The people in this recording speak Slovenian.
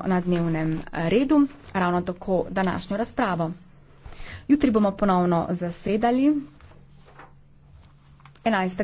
na dnevnem eh, redu ravno tako današnjo razpravo. Jutri bomo ponovno zasedali 11.